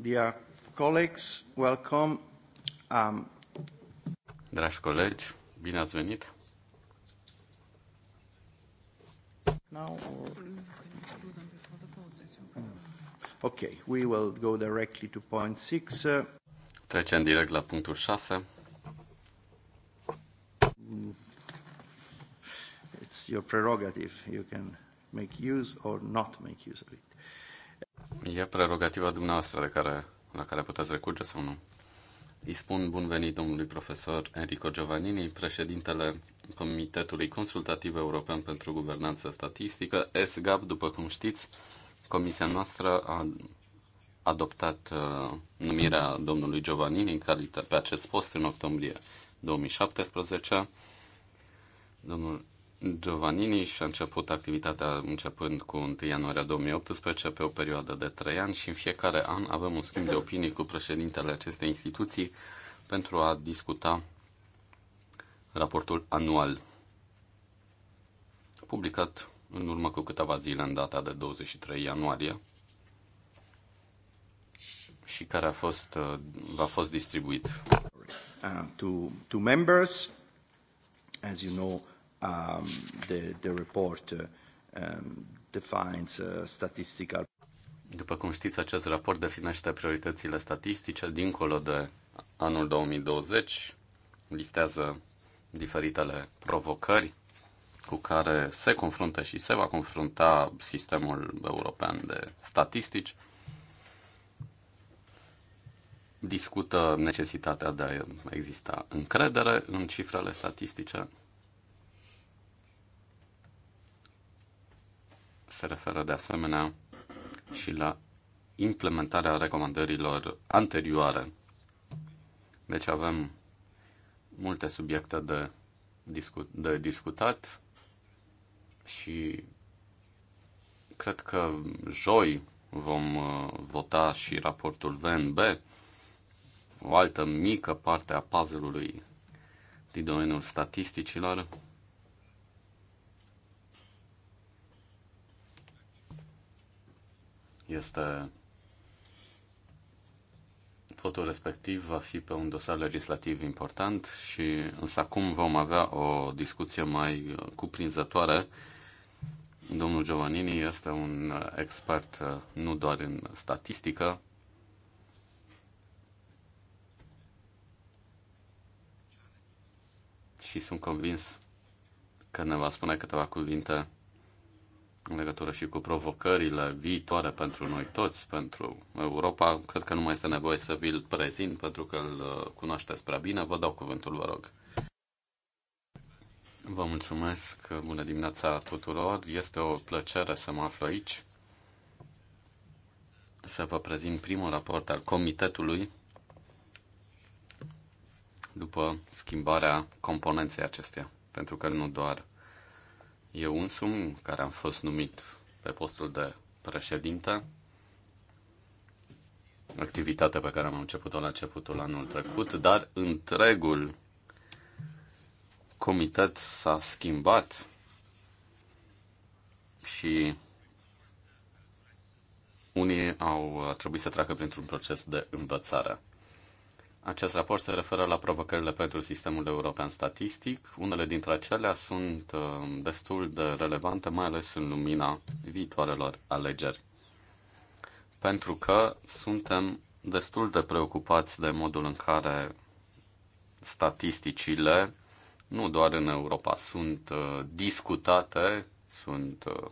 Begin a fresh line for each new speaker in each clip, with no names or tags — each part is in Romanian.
Dear colleagues, welcome. Um... Dragi colegi, bine ați venit. Now or... Uh,
ok, we will go directly to point 6. Uh,
Trecem direct la punctul 6. Mm. It's your prerogative. You can make use or not make use of it. E prerogativa dumneavoastră de care, la care puteți recurge sau nu. Îi spun bun venit domnului profesor Enrico Giovannini, președintele Comitetului Consultativ European pentru Guvernanță Statistică, SGAP, după cum știți, comisia noastră a adoptat uh, numirea domnului Giovannini în calitate pe acest post în octombrie 2017. Domnul Giovannini și-a început activitatea începând cu 1 ianuarie 2018 pe o perioadă de 3 ani și în fiecare an avem un schimb de opinii cu președintele acestei instituții pentru a discuta raportul anual publicat în urmă cu câteva zile în data de 23 ianuarie și care a fost, va fost distribuit. Uh, to, to members, as you know, Um, the, the report uh, um, defines uh, statistical. După cum știți, acest raport definește prioritățile statistice dincolo de anul 2020, listează diferitele provocări cu care se confruntă și se va confrunta sistemul european de statistici, discută necesitatea de a exista încredere în cifrele statistice se referă de asemenea și la implementarea recomandărilor anterioare. Deci avem multe subiecte de, discu- de discutat și cred că joi vom uh, vota și raportul VNB, o altă mică parte a puzzle-ului din domeniul statisticilor. este votul respectiv va fi pe un dosar legislativ important și însă acum vom avea o discuție mai cuprinzătoare. Domnul Giovannini este un expert uh, nu doar în statistică, și sunt convins că ne va spune câteva cuvinte în legătură și cu provocările viitoare pentru noi toți, pentru Europa. Cred că nu mai este nevoie să vi-l prezint pentru că îl uh, cunoașteți prea bine. Vă dau cuvântul, vă rog. Vă mulțumesc, bună dimineața tuturor. Este o plăcere să mă aflu aici să vă prezint primul raport al comitetului după schimbarea componenței acesteia, pentru că nu doar eu însumi, care am fost numit pe postul de președinte, activitate pe care am început-o la începutul anul trecut, dar întregul comitet s-a schimbat și unii au trebuit să treacă printr-un proces de învățare. Acest raport se referă la provocările pentru sistemul european statistic. Unele dintre acelea sunt uh, destul de relevante, mai ales în lumina viitoarelor alegeri. Pentru că suntem destul de preocupați de modul în care statisticile, nu doar în Europa, sunt uh, discutate, sunt uh,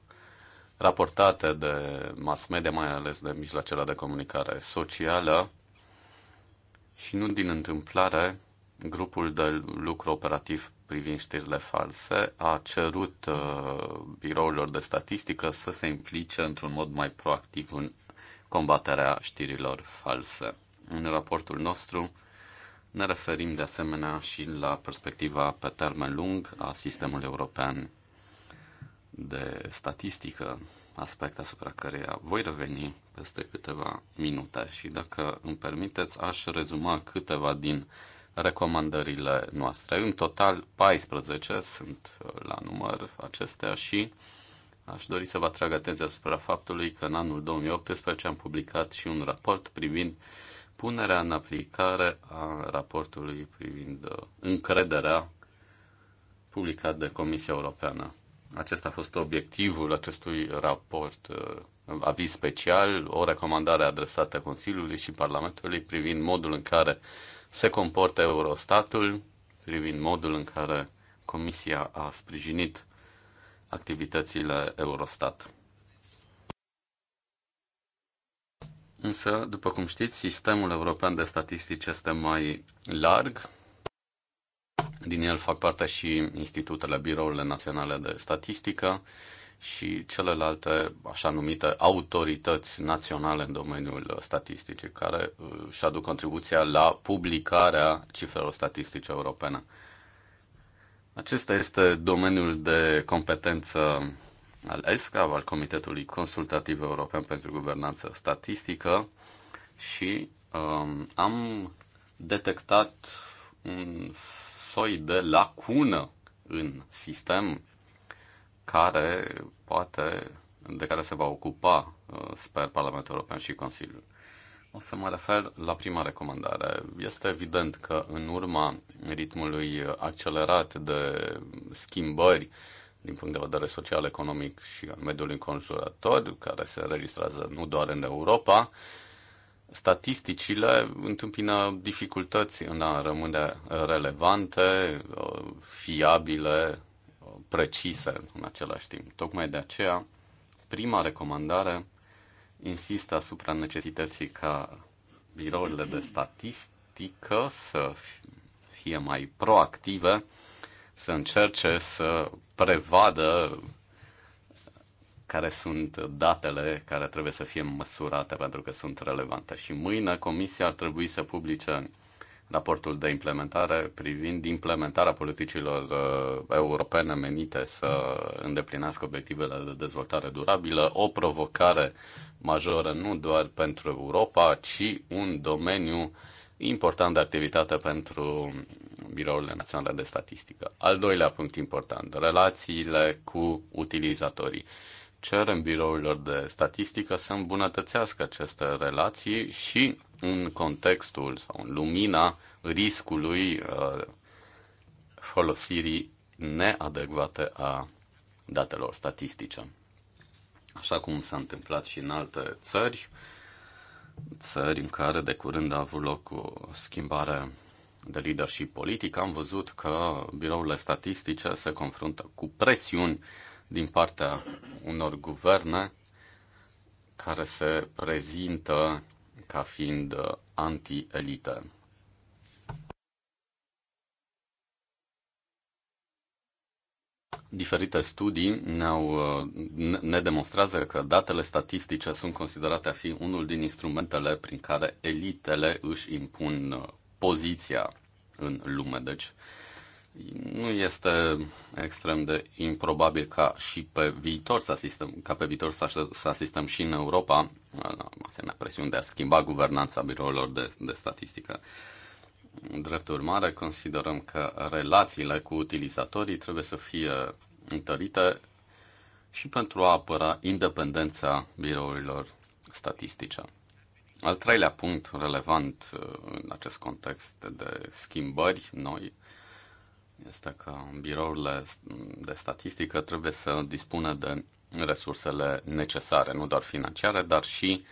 raportate de mass media, mai ales de mijloacele de comunicare socială, și nu din întâmplare, grupul de lucru operativ privind știrile false a cerut uh, birourilor de statistică să se implice într-un mod mai proactiv în combaterea știrilor false. În raportul nostru ne referim de asemenea și la perspectiva pe termen lung a sistemului european de statistică aspect asupra căreia voi reveni peste câteva minute și dacă îmi permiteți, aș rezuma câteva din recomandările noastre. În total 14 sunt uh, la număr acestea și aș dori să vă atrag atenția asupra faptului că în anul 2018 am publicat și un raport privind punerea în aplicare a raportului privind uh, încrederea publicat de Comisia Europeană. Acesta a fost obiectivul acestui raport, uh, aviz special, o recomandare adresată Consiliului și Parlamentului privind modul în care se comportă Eurostatul, privind modul în care Comisia a sprijinit activitățile Eurostat. Însă, după cum știți, sistemul european de statistici este mai larg din el fac parte și institutele, birourile naționale de statistică și celelalte așa numite autorități naționale în domeniul statisticii, care uh, își aduc contribuția la publicarea cifrelor statistice europene. Acesta este domeniul de competență al ESCA, al Comitetului Consultativ European pentru Guvernanță Statistică și um, am detectat un soi de lacună în sistem care poate, de care se va ocupa, uh, sper, Parlamentul European și Consiliul. O să mă refer la prima recomandare. Este evident că în urma ritmului accelerat de schimbări din punct de vedere social, economic și al mediului înconjurător, care se registrează nu doar în Europa, statisticile întâmpină dificultăți în a rămâne relevante, uh, fiabile, uh, precise în același timp. Tocmai de aceea, prima recomandare insistă asupra necesității ca birourile de statistică să fie mai proactive, să încerce să prevadă care sunt datele care trebuie să fie măsurate pentru că sunt relevante. Și mâine Comisia ar trebui să publice raportul de implementare privind implementarea politicilor uh, europene menite să îndeplinească obiectivele de dezvoltare durabilă, o provocare majoră nu doar pentru Europa, ci un domeniu important de activitate pentru Birourile Naționale de Statistică. Al doilea punct important, relațiile cu utilizatorii cerem birourilor de statistică să îmbunătățească aceste relații și în contextul sau în lumina riscului uh, folosirii neadecvate a datelor statistice. Așa cum s-a întâmplat și în alte țări, țări în care de curând a avut loc o schimbare de leadership politic, am văzut că birourile statistice se confruntă cu presiuni din partea unor guverne care se prezintă ca fiind uh, anti-elite. Diferite studii ne-au, uh, ne demonstrează că datele statistice sunt considerate a fi unul din instrumentele prin care elitele își impun uh, poziția în lume. Deci, nu este extrem de improbabil ca și pe viitor să asistăm, ca pe viitor să, să asistăm și în Europa asemenea presiuni de a schimba guvernanța birourilor de, de statistică. drept urmare, considerăm că relațiile cu utilizatorii trebuie să fie întărite și pentru a apăra independența birourilor statistice. Al treilea punct relevant uh, în acest context de schimbări noi este că birourile de statistică trebuie să dispună de resursele necesare, nu doar financiare, dar și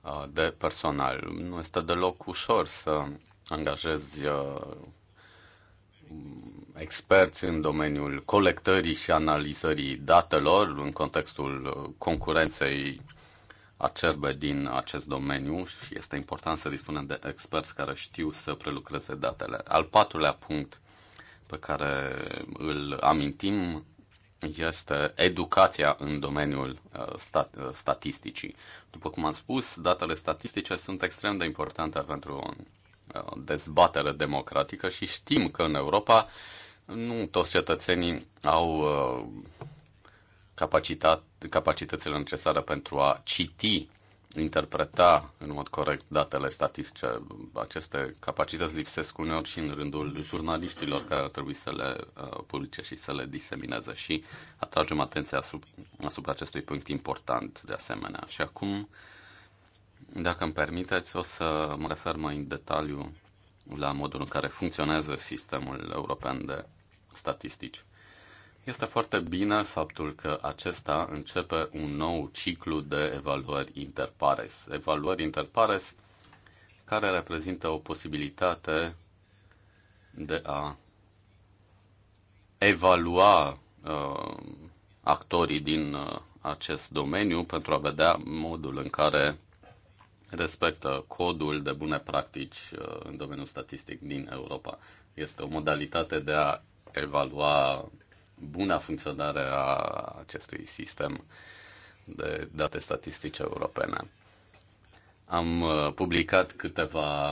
uh, de personal. Nu este deloc ușor să angajezi uh, experți în domeniul colectării și analizării datelor în contextul uh, concurenței acerbe din acest domeniu și este important să dispunem de experți care știu să prelucreze datele. Al patrulea punct pe care îl amintim este educația în domeniul uh, stat, uh, statisticii. După cum am spus, datele statistice sunt extrem de importante pentru o uh, dezbatere democratică și știm că în Europa nu toți cetățenii au capacitate, capacitățile necesare pentru a citi interpreta în mod corect datele statistice. Aceste capacități lipsesc uneori și în rândul jurnaliștilor care ar trebui să le uh, publice și să le disemineze și atragem atenția asupra, asupra acestui punct important de asemenea. Și acum, dacă îmi permiteți, o să mă refer mai în detaliu la modul în care funcționează sistemul european de statistici. Este foarte bine faptul că acesta începe un nou ciclu de evaluări interpares. Evaluări interpares care reprezintă o posibilitate de a evalua uh, actorii din uh, acest domeniu pentru a vedea modul în care respectă codul de bune practici uh, în domeniul statistic din Europa. Este o modalitate de a evalua buna funcționare a acestui sistem de date statistice europene. Am uh, publicat câteva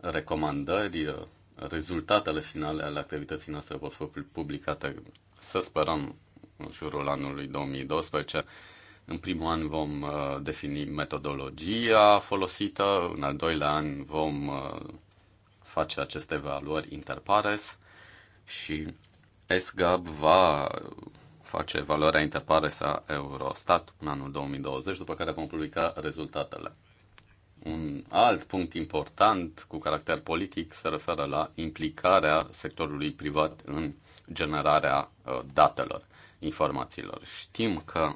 recomandări. Rezultatele finale ale activității noastre vor fi publicate, să sperăm, în jurul anului 2012. În primul an vom uh, defini metodologia folosită, în al doilea an vom uh, face aceste evaluări interpares și SGAB va face valoarea interpare sa Eurostat în anul 2020, după care vom publica rezultatele. Un alt punct important cu caracter politic se referă la implicarea sectorului privat în generarea uh, datelor, informațiilor. Știm că,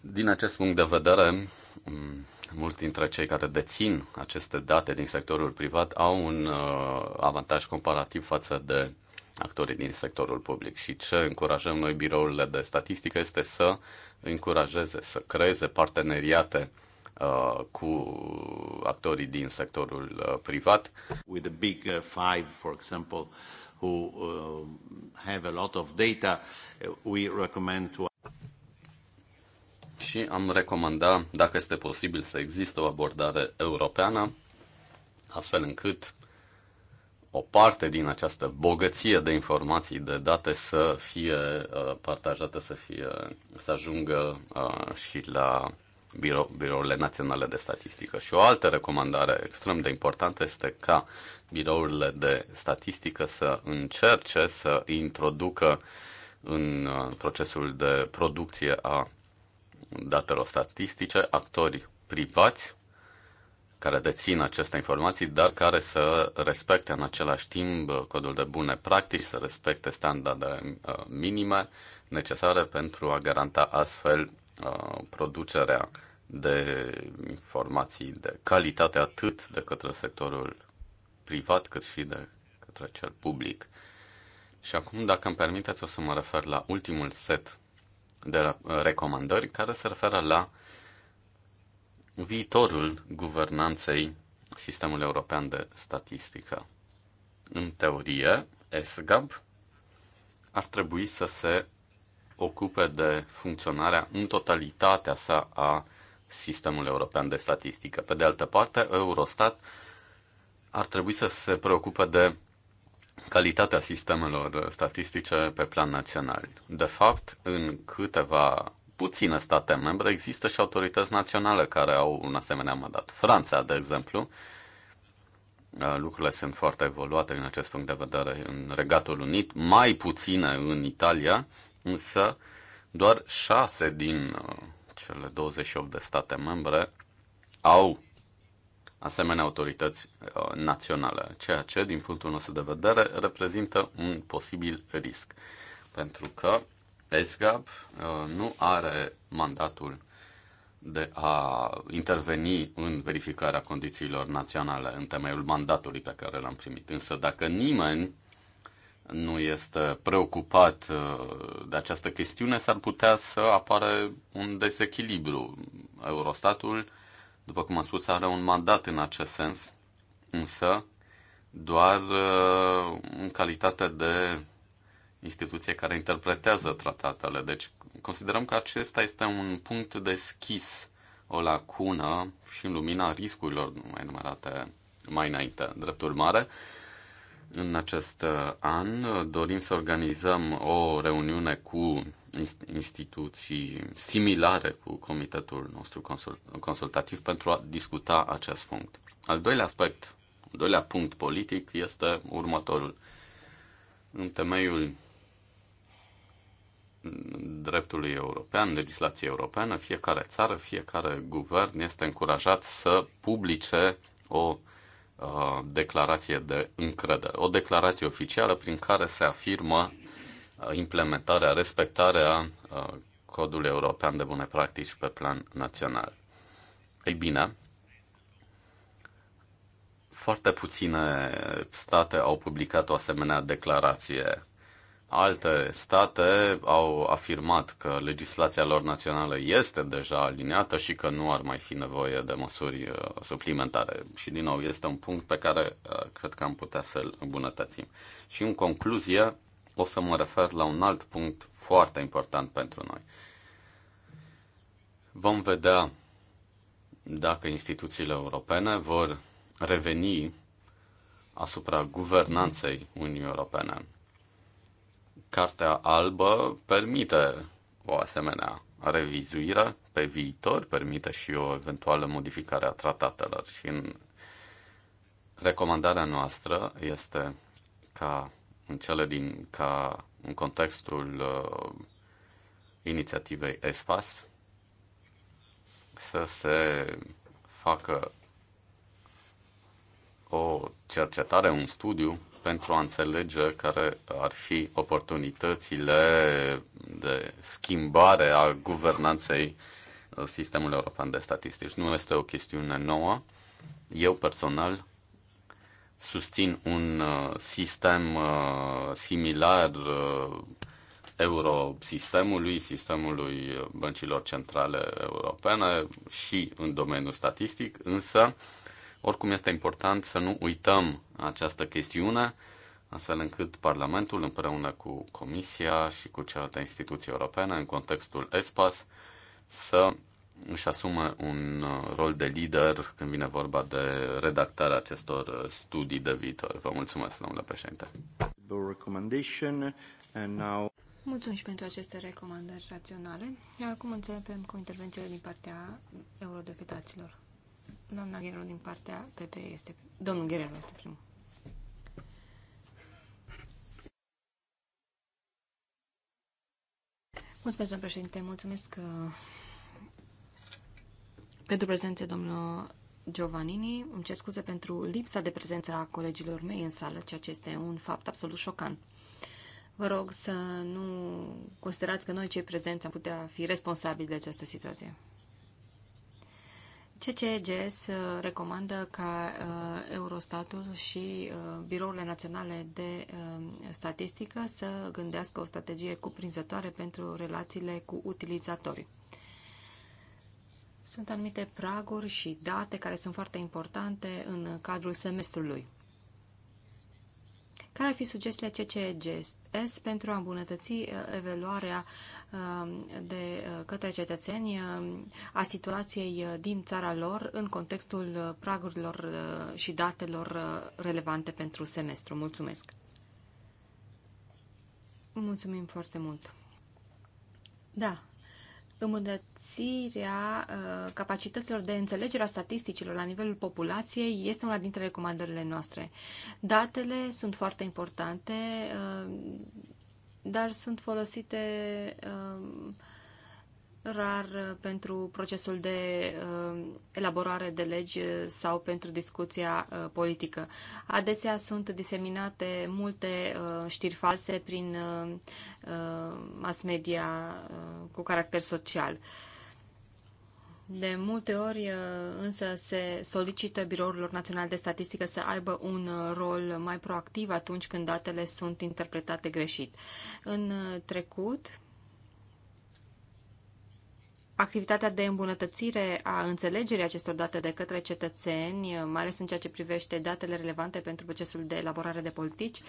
din acest punct de vedere, mulți dintre cei care dețin aceste date din sectorul privat au un uh, avantaj comparativ față de actorii din sectorul public. Și ce încurajăm noi birourile de statistică este să încurajeze, să creeze parteneriate uh, cu actorii din sectorul uh, privat. With the big uh, five, for example, who uh, have a lot of data, uh, we recommend to și am recomanda, dacă este posibil, să există o abordare europeană, astfel încât o parte din această bogăție de informații, de date să fie uh, partajată, să, fie, să ajungă uh, și la birourile naționale de statistică. Și o altă recomandare extrem de importantă este ca birourile de statistică să încerce să introducă în uh, procesul de producție a datelor statistice actori privați care dețin aceste informații, dar care să respecte în același timp codul de bune practici, să respecte standarde uh, minime necesare pentru a garanta astfel uh, producerea de informații de calitate atât de către sectorul privat cât și de către cel public. Și acum, dacă îmi permiteți, o să mă refer la ultimul set de recomandări care se referă la uh, viitorul guvernanței sistemului european de statistică. În teorie, ESGAB ar trebui să se ocupe de funcționarea în totalitatea sa a sistemului european de statistică. Pe de altă parte, Eurostat ar trebui să se preocupe de calitatea sistemelor statistice pe plan național. De fapt, în câteva puține state membre, există și autorități naționale care au un asemenea mandat. Franța, de exemplu, uh, lucrurile sunt foarte evoluate din acest punct de vedere în Regatul Unit, mai puține în Italia, însă doar șase din uh, cele 28 de state membre au asemenea autorități uh, naționale, ceea ce, din punctul nostru de vedere, reprezintă un posibil risc. Pentru că ESGAP uh, nu are mandatul de a interveni în verificarea condițiilor naționale în temeiul mandatului pe care l-am primit. Însă dacă nimeni nu este preocupat uh, de această chestiune, s-ar putea să apare un dezechilibru. Eurostatul, după cum am spus, are un mandat în acest sens, însă doar uh, în calitate de instituție care interpretează tratatele. Deci considerăm că acesta este un punct deschis, o lacună și în lumina riscurilor mai numărate mai înainte. Drept urmare, în acest an dorim să organizăm o reuniune cu instituții similare cu comitetul nostru consultativ pentru a discuta acest punct. Al doilea aspect, al doilea punct politic este următorul. În temeiul dreptului european, legislației europeană, fiecare țară, fiecare guvern este încurajat să publice o uh, declarație de încredere, o declarație oficială prin care se afirmă uh, implementarea, respectarea uh, codului european de bune practici pe plan național. Ei bine, foarte puține state au publicat o asemenea declarație Alte state au afirmat că legislația lor națională este deja aliniată și că nu ar mai fi nevoie de măsuri uh, suplimentare. Și, din nou, este un punct pe care uh, cred că am putea să-l îmbunătățim. Și, în concluzie, o să mă refer la un alt punct foarte important pentru noi. Vom vedea dacă instituțiile europene vor reveni asupra guvernanței Uniunii Europene Cartea albă permite o asemenea revizuire pe viitor, permite și o eventuală modificare a tratatelor și în recomandarea noastră este ca în cele din ca în contextul uh, inițiativei ESPAS să se facă o cercetare, un studiu pentru a înțelege care ar fi oportunitățile de schimbare a guvernanței uh, sistemului european de statistici. Nu este o chestiune nouă. Eu personal susțin un uh, sistem uh, similar eurosistemului, sistemului băncilor centrale europene și în domeniul statistic, însă oricum este important să nu uităm această chestiune, astfel încât Parlamentul împreună cu Comisia și cu celelalte instituții europene în contextul ESPAS să își asume un uh, rol de lider când vine vorba de redactarea acestor uh, studii de viitor. Vă mulțumesc, domnule președinte.
Mulțumim și pentru aceste recomandări raționale. Acum începem cu intervențiile din partea eurodeputaților. Doamna Gheru din partea PP este... Domnul Gheru este primul. Mulțumesc, domnul președinte. Mulțumesc că... Uh, pentru prezență, domnul Giovannini. Îmi cer scuze pentru lipsa de prezență a colegilor mei în sală, ceea ce este un fapt absolut șocant. Vă rog să nu considerați că noi cei prezenți am putea fi responsabili de această situație. CCGS uh, recomandă ca uh, Eurostatul și uh, Birourile Naționale de um, Statistică să gândească o strategie cuprinzătoare pentru relațiile cu utilizatorii. Sunt anumite praguri și date care sunt foarte importante în cadrul semestrului. Care ar fi sugestiile CCGS pentru a îmbunătăți uh, evaluarea um, de uh, către cetățeni um, a situației uh, din țara lor în contextul pragurilor și datelor relevante pentru semestru? Mulțumesc! Mulțumim foarte mult! Da, Îmbunătățirea uh, capacităților de înțelegere a statisticilor la nivelul populației este una dintre recomandările noastre. Datele sunt foarte importante, uh, dar sunt folosite uh, rar uh, pentru procesul de uh, elaborare de legi uh, sau pentru discuția politică. Adesea sunt diseminate multe știri false prin mass media cu caracter social. De multe ori însă se solicită birourilor naționale de statistică să aibă un rol mai proactiv atunci când datele sunt interpretate greșit. În trecut, activitatea de îmbunătățire a înțelegerii acestor date de către cetățeni, mai ales în ceea ce privește datele relevante pentru procesul de elaborare de politici,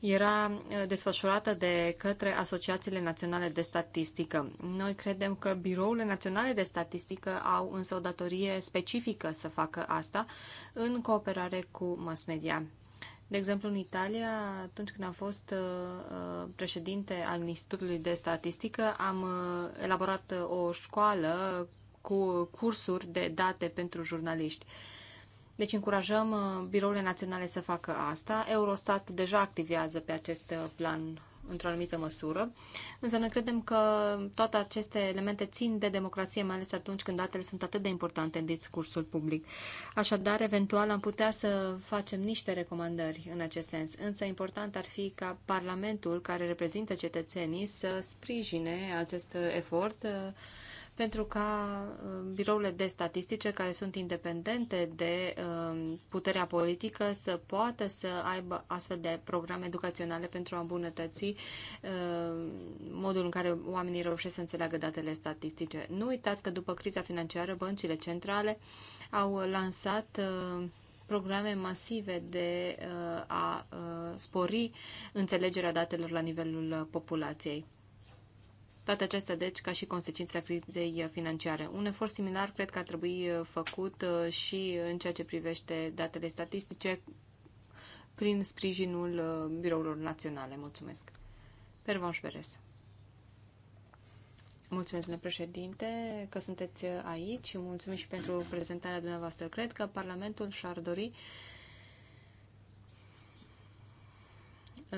era eh, desfășurată de către Asociațiile Naționale de Statistică. Noi credem că birourile naționale de statistică au însă o datorie specifică să facă asta în cooperare cu mass media. De exemplu, în Italia, atunci când am fost uh, uh, președinte al Institutului de Statistică, am uh, elaborat o școală cu cursuri de date pentru jurnaliști. Deci încurajăm birourile naționale să facă asta. Eurostat deja activează pe acest plan într-o anumită măsură, însă noi credem că toate aceste elemente țin de democrație, mai ales atunci când datele sunt atât de importante în discursul public. Așadar, eventual am putea să facem niște recomandări în acest sens, însă important ar fi ca Parlamentul, care reprezintă cetățenii, să sprijine acest efort pentru ca uh, birourile de statistice care sunt independente de uh, puterea politică să poată să aibă astfel de programe educaționale pentru a îmbunătăți uh, modul în care oamenii reușesc să înțeleagă datele statistice. Nu uitați că după criza financiară, băncile centrale au lansat programe masive de a spori înțelegerea datelor la nivelul populației. Toate acestea, deci, ca și consecința crizei financiare. Un efort similar cred că ar trebui uh, făcut uh, și în ceea ce privește datele statistice prin sprijinul uh, birourilor naționale. Mulțumesc. Pervanș Beres. Mulțumesc, domnule președinte, că sunteți aici și mulțumim și pentru prezentarea dumneavoastră. Cred că Parlamentul și-ar dori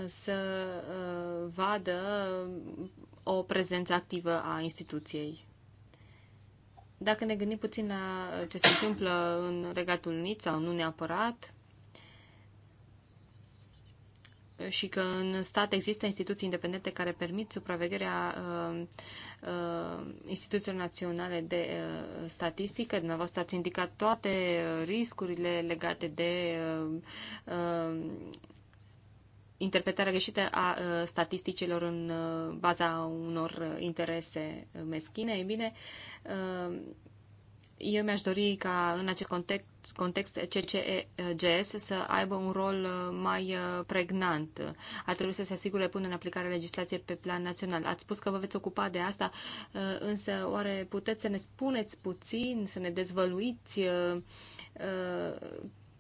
să vadă o prezență activă a instituției. Dacă ne gândim puțin la ce se întâmplă în Regatul Unit sau nu neapărat, și că în stat există instituții independente care permit supravegherea uh, uh, instituțiilor naționale de uh, statistică. Dumneavoastră ați indicat toate uh, riscurile legate de uh, uh, interpretarea greșită a uh, statisticilor în uh, baza unor uh, interese meschine, e bine, eu mi-aș dori ca în acest context, context CCEGS să aibă un rol mai pregnant. Ar trebui să se asigure până în aplicare legislației pe plan național. Ați spus că vă veți ocupa de asta, însă oare puteți să ne spuneți puțin, să ne dezvăluiți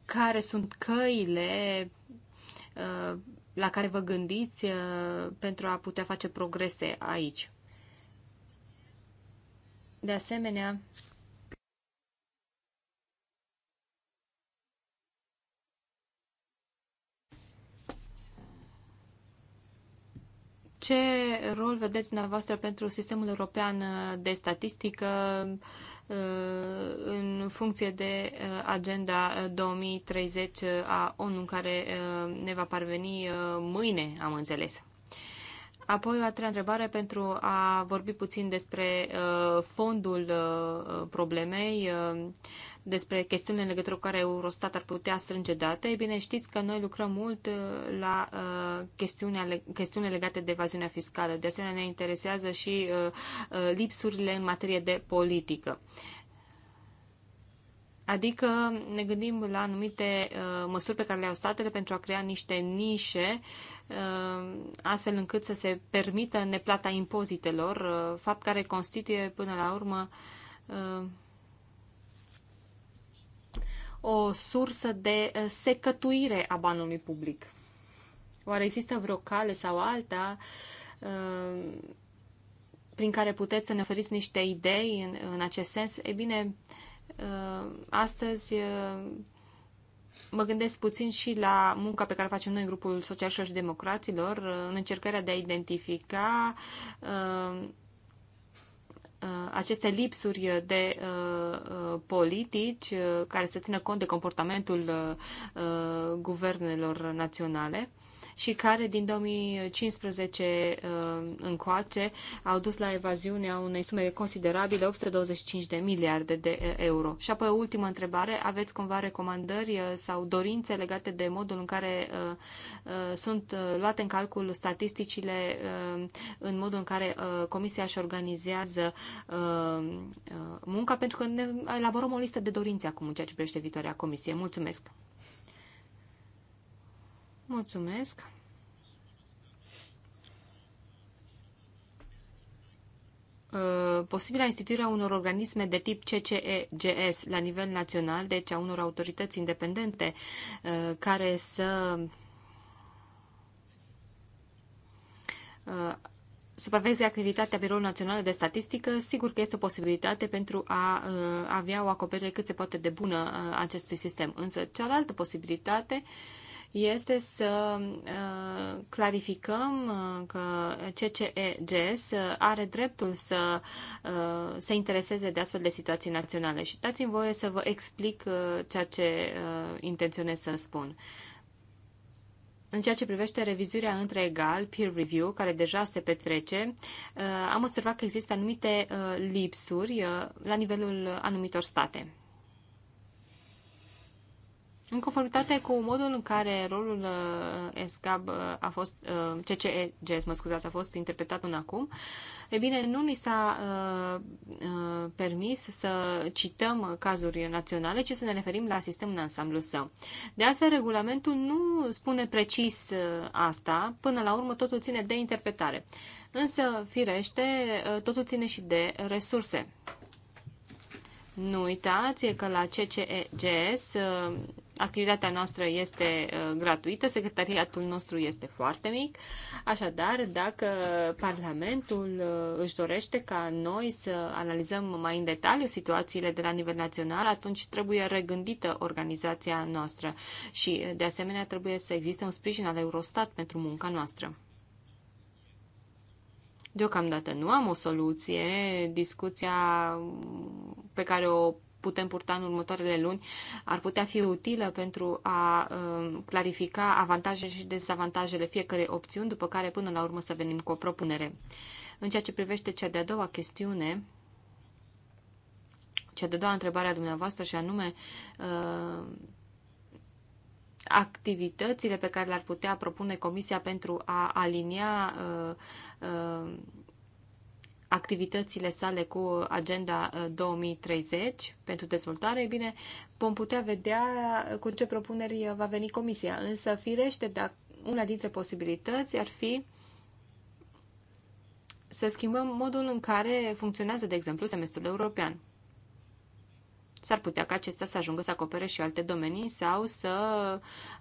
care sunt căile la care vă gândiți uh, pentru a putea face progrese aici. De asemenea, ce rol vedeți dumneavoastră pentru sistemul european de statistică, Uh, în funcție de uh, agenda 2030 uh, a ONU care ne va parveni mâine, am înțeles. Apoi o treia întrebare pentru a vorbi puțin despre uh, fondul uh, uh, problemei, uh, despre chestiunile în legătură cu care Eurostat ar putea strânge date. Ei bine, știți că noi lucrăm mult uh, la uh, chestiunea, chestiunile legate de evaziunea fiscală. De asemenea, ne interesează și uh, uh, lipsurile în materie de politică. Uh, Adică ne gândim la anumite uh, măsuri pe care le au statele pentru a crea niște nișe, uh, astfel încât să se permită neplata impozitelor, uh, fapt care constituie până la urmă uh, o sursă de uh, secătuire a banului public. Oare există vreo cale sau alta uh, prin care puteți să ne oferiți niște idei în, în acest sens? E bine, uh, Uh, astăzi uh, mă gândesc puțin și la munca pe care facem noi în grupul social și democraților uh, în încercarea de a identifica aceste lipsuri de politici care să țină cont de comportamentul guvernelor naționale și care din 2015 uh, încoace au dus la evaziunea unei sume considerabile, 825 de miliarde de euro. Și apoi o ultimă întrebare, aveți cumva recomandări uh, sau dorințe legate de modul în care uh, sunt luate în calcul statisticile în modul în care Comisia își organizează munca, pentru că ne elaborăm o listă de dorințe acum în ceea ce privește viitoarea Comisie. Mulțumesc! Mulțumesc! Uh, posibilă instituirea unor organisme de tip CCEGS la nivel național, deci a unor autorități independente uh, care să uh, supraveze activitatea Biroul Național de Statistică, sigur că este o posibilitate pentru a avea o acoperire cât se poate de bună acestui sistem. Însă, cealaltă posibilitate este să uh, clarificăm uh, că CCEGS uh, are dreptul să se intereseze de astfel de situații naționale. Și dați-mi voie să vă explic ceea ce intenționez să spun. În ceea ce privește revizuirea între egal, peer review, care deja se petrece, am observat că există anumite lipsuri la nivelul anumitor state. În conformitate cu modul în care rolul uh, SGAB uh, a fost, uh, CCEGS, mă scuzați, a fost interpretat până acum, e bine, nu ni s-a permis să cităm cazuri naționale, ci să ne referim la sistemul în ansamblu său. De altfel, regulamentul nu spune precis asta, până la urmă totul ține de interpretare. Însă, firește, totul ține și de resurse. Nu uitați că la CCEGS Activitatea noastră este uh, gratuită, secretariatul nostru este foarte mic, așadar dacă Parlamentul uh, își dorește ca noi să analizăm mai în detaliu situațiile de la nivel național, atunci trebuie regândită organizația noastră și uh, de asemenea trebuie să existe un sprijin al Eurostat pentru munca noastră. Deocamdată nu am o soluție. Discuția pe care o putem purta în următoarele luni ar putea fi utilă pentru a um, clarifica avantajele și dezavantajele fiecărei opțiuni, după care până la urmă să venim cu o propunere. În ceea ce privește cea de-a doua chestiune, cea de-a doua întrebare a dumneavoastră și anume uh, activitățile pe care le-ar putea propune Comisia pentru a alinia uh, uh, activitățile sale cu Agenda 2030 uh, pentru dezvoltare, e bine, vom putea vedea cu ce propuneri uh, va veni Comisia. Însă, firește, dacă una dintre posibilități ar fi să schimbăm modul în care funcționează, de exemplu, semestrul european. S-ar putea ca acesta să ajungă să acopere și alte domenii sau să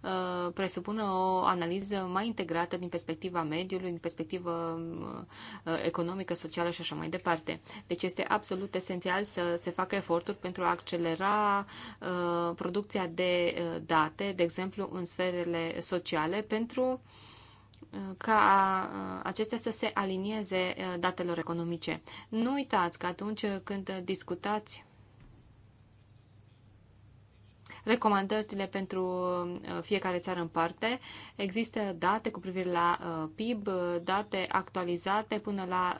uh, presupună o analiză mai integrată din perspectiva mediului, din perspectivă uh, uh economică, socială și așa mai departe. Deci este absolut esențial să se facă eforturi pentru a accelera uh, producția de uh, date, de exemplu în sferele sociale, pentru uh, ca acestea să se alinieze datelor economice. Nu uitați că atunci când discutați recomandările pentru uh, fiecare țară în parte. Există date cu privire la uh, PIB, uh, date actualizate până la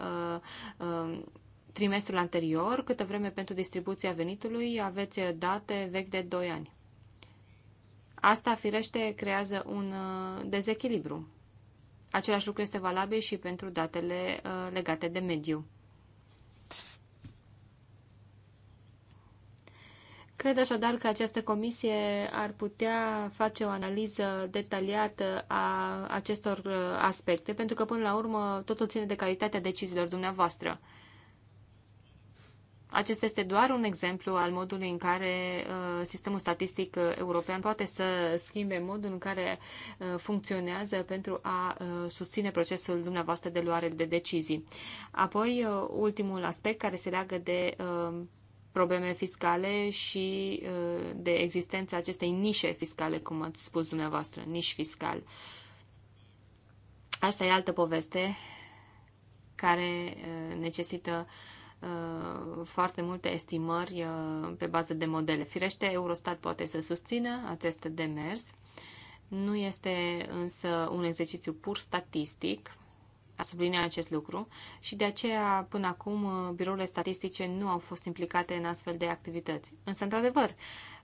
trimestrul anterior, câtă vreme pentru distribuția venitului aveți date vechi de 2 ani. Asta, firește, creează un dezechilibru. Același lucru este valabil și pentru datele legate de mediu. Cred așadar că această comisie ar putea face o analiză detaliată a acestor uh, aspecte, pentru că până la urmă totul ține de calitatea deciziilor dumneavoastră. Acesta este doar un exemplu al modului în care uh, sistemul statistic uh, european poate să schimbe modul în care uh, funcționează pentru a uh, susține procesul dumneavoastră de luare de decizii. Apoi, uh, ultimul aspect care se leagă de uh, probleme fiscale și uh, de existența acestei nișe fiscale, cum ați spus dumneavoastră, niș fiscal. Asta e altă poveste care uh, necesită uh, foarte multe estimări pe bază de modele. Firește, Eurostat poate să susțină acest demers. Nu este însă un exercițiu pur statistic, a sublinia acest lucru și de aceea, până acum, uh, birourile statistice nu au fost implicate în astfel de activități. Însă, într-adevăr,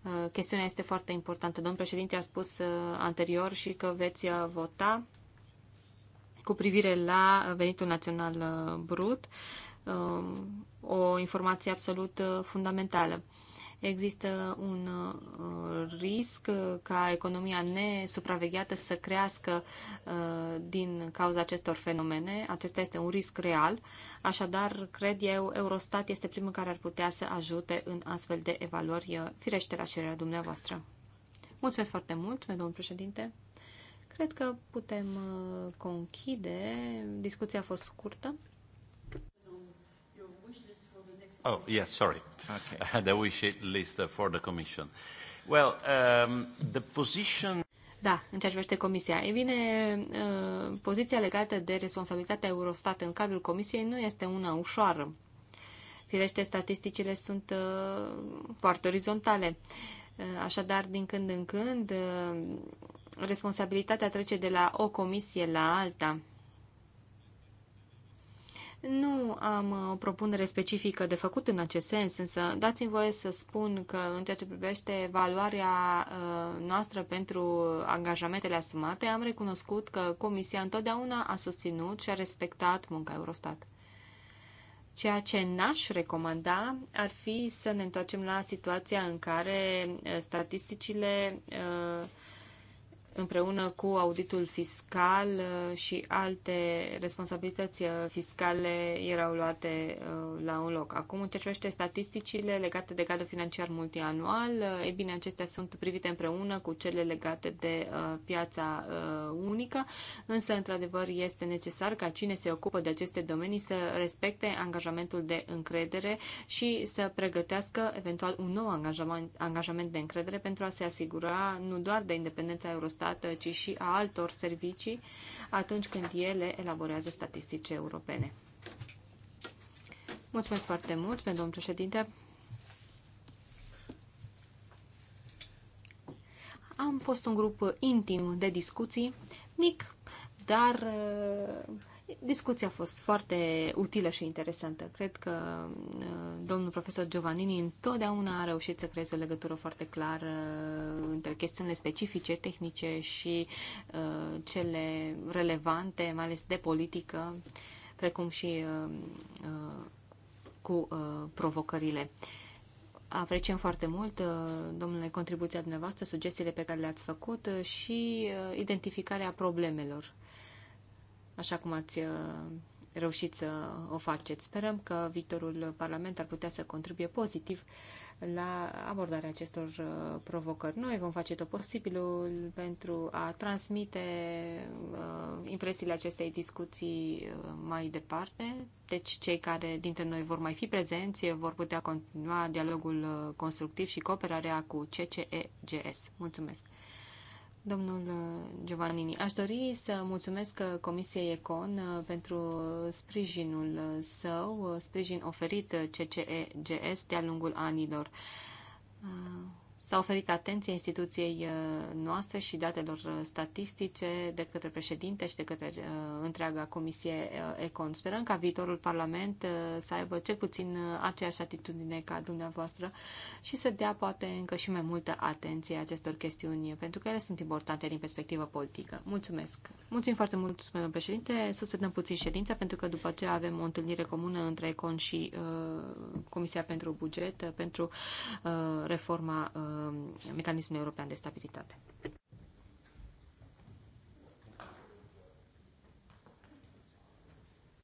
uh, chestiunea este foarte importantă. Domnul președinte a spus uh, anterior și că veți vota cu privire la venitul național brut, um, o informație absolut fundamentală. Există un uh, risc ca economia nesupravegheată să crească uh, din cauza acestor fenomene. Acesta este un risc real. Așadar, cred eu, Eurostat este primul care ar putea să ajute în astfel de evaluări, uh, firește la cererea dumneavoastră. Mulțumesc foarte mult, domnul președinte. Cred că putem conchide. Discuția a fost scurtă.
Oh, yes, sorry. Okay. the wish list for the Commission. Well, um, the position...
Da, în ceea ce privește Comisia. E bine, uh, poziția legată de responsabilitatea Eurostat în cadrul Comisiei nu este una ușoară. Firește, statisticile sunt uh, foarte orizontale. Uh, așadar, din când în când, responsabilitatea trece de la o comisie la alta. Nu am uh, o propunere specifică de făcut în acest sens, însă dați-mi voie să spun că în ceea ce privește evaluarea uh, noastră pentru angajamentele asumate, am recunoscut că Comisia întotdeauna a susținut și a respectat munca Eurostat. Ceea ce n-aș recomanda ar fi să ne întoarcem la situația în care uh, statisticile uh, împreună cu auditul fiscal uh, și alte responsabilități uh, fiscale erau luate uh, la un loc. Acum, în ce privește statisticile legate de cadrul financiar multianual, e bine, acestea sunt privite împreună cu cele legate de piața unică, însă, într-adevăr, este necesar ca cine se ocupă de aceste domenii să respecte angajamentul de încredere și să pregătească eventual un nou angajament, angajament de încredere pentru a se asigura nu doar de independența Eurostat, Eurostat, ci și a altor servicii atunci când ele elaborează statistici europene. Mulțumesc foarte mult, pe domnul președinte. Am fost un grup intim de discuții, mic, dar Discuția a fost foarte utilă și interesantă. Cred că uh, domnul profesor Giovannini întotdeauna a reușit să creeze o legătură foarte clară uh, între chestiunile specifice, tehnice și uh, cele relevante, mai ales de politică, precum și cu provocările. Apreciem foarte mult, domnule, contribuția dumneavoastră, sugestiile pe care le-ați făcut și identificarea problemelor așa cum ați uh, reușit să o faceți. Sperăm că viitorul Parlament ar putea să contribuie pozitiv la abordarea acestor uh, provocări. Noi vom face tot posibilul pentru a transmite uh, impresiile acestei discuții mai departe. Deci cei care dintre noi vor mai fi prezenți vor putea continua dialogul constructiv și cooperarea cu CCEGS. Mulțumesc! Domnul uh, Giovannini, aș dori să mulțumesc uh, Comisiei Econ uh, pentru sprijinul său, sprijin oferit CCEGS de-a lungul anilor. S-a oferit atenție instituției uh, noastre și datelor uh, statistice de către președinte și de către uh, întreaga comisie Econ. Sperăm ca viitorul Parlament să aibă cel puțin aceeași atitudine ca dumneavoastră și să dea poate încă și mai multă atenție acestor chestiuni, pentru că ele sunt importante din perspectivă politică. Mulțumesc! Mulțumim foarte mult, domnul președinte. Suspendăm puțin ședința, pentru că după aceea avem o întâlnire comună între Econ și uh, Comisia pentru Buget, pentru uh, reforma uh, Uh, mecanismul european de stabilitate.